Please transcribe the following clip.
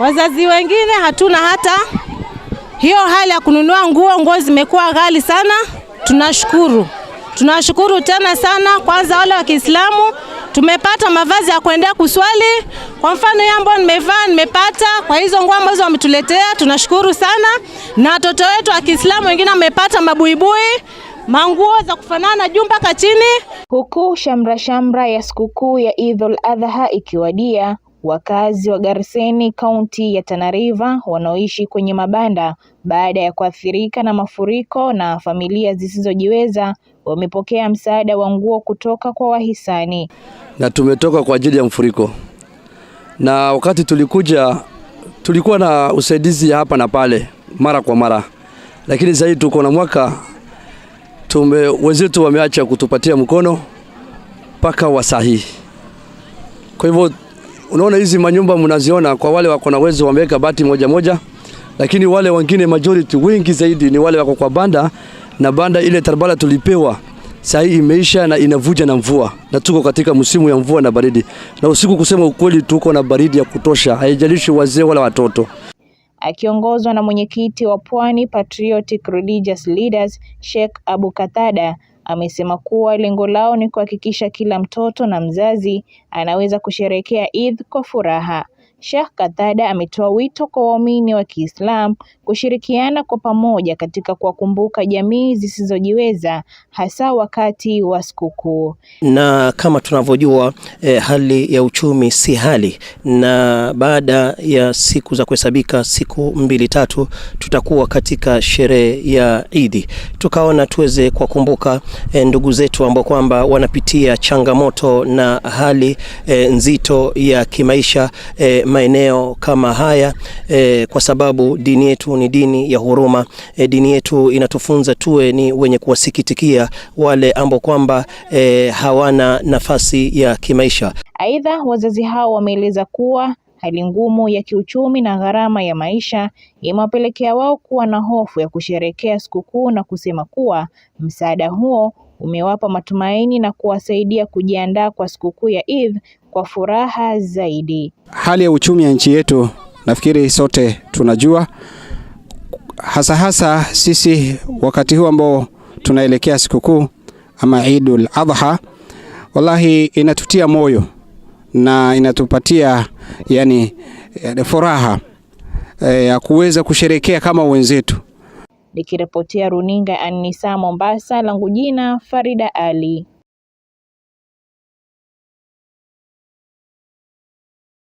Wazazi wengine hatuna hata hiyo hali ya kununua nguo. Nguo zimekuwa ghali sana. Tunashukuru, tunashukuru tena sana. Kwanza wale wa Kiislamu tumepata mavazi ya kuendea kuswali. Kwa mfano hiyo ambayo nimevaa nimepata kwa hizo nguo ambazo wametuletea, tunashukuru sana. Na watoto wetu wa Kiislamu wengine wamepata mabuibui manguo za kufanana juu mpaka chini. Huku shamra shamra ya sikukuu ya Idul Adha ikiwadia, Wakazi wa Garseni kaunti ya Tana River wanaoishi kwenye mabanda baada ya kuathirika na mafuriko na familia zisizojiweza wamepokea msaada wa nguo kutoka kwa wahisani. Na tumetoka kwa ajili ya mfuriko, na wakati tulikuja tulikuwa na usaidizi hapa na pale mara kwa mara, lakini zaidi tuko na mwaka tume wenzetu wameacha kutupatia mkono mpaka wasahihi, kwa hivyo Unaona hizi manyumba mnaziona, kwa wale wako na uwezo wameweka bati moja moja, lakini wale wengine majority wengi zaidi ni wale wako kwa banda, na banda ile tarbala tulipewa sasa imeisha na inavuja na mvua, na tuko katika msimu ya mvua na baridi, na usiku, kusema ukweli, tuko na baridi ya kutosha, haijalishi wazee wala watoto. Akiongozwa na mwenyekiti wa Pwani Patriotic Religious Leaders Sheikh Abu Katada Amesema kuwa lengo lao ni kuhakikisha kila mtoto na mzazi anaweza kusherehekea Eid kwa furaha. Sheikh Kathada ametoa wito kwa waumini wa Kiislamu kushirikiana kwa pamoja katika kuwakumbuka jamii zisizojiweza hasa wakati wa sikukuu. Na kama tunavyojua eh, hali ya uchumi si hali, na baada ya siku za kuhesabika siku mbili tatu tutakuwa katika sherehe ya Idi, tukaona tuweze kuwakumbuka eh, ndugu zetu ambao kwamba wanapitia changamoto na hali eh, nzito ya kimaisha eh, maeneo kama haya e, kwa sababu dini yetu ni dini ya huruma e, dini yetu inatufunza tuwe ni wenye kuwasikitikia wale ambao kwamba e, hawana nafasi ya kimaisha. Aidha, wazazi hao wameeleza kuwa hali ngumu ya kiuchumi na gharama ya maisha imewapelekea wao kuwa na hofu ya kusherekea sikukuu na kusema kuwa msaada huo umewapa matumaini na kuwasaidia kujiandaa kwa sikukuu ya Eid kwa furaha zaidi. Hali ya uchumi ya nchi yetu nafikiri sote tunajua, hasa hasa sisi wakati huu ambao tunaelekea sikukuu ama Idul Adha, wallahi inatutia moyo na inatupatia yani eh, furaha eh, ya e, kuweza kusherekea kama wenzetu. Nikiripotia runinga Anisa Mombasa, langu jina Farida Ali.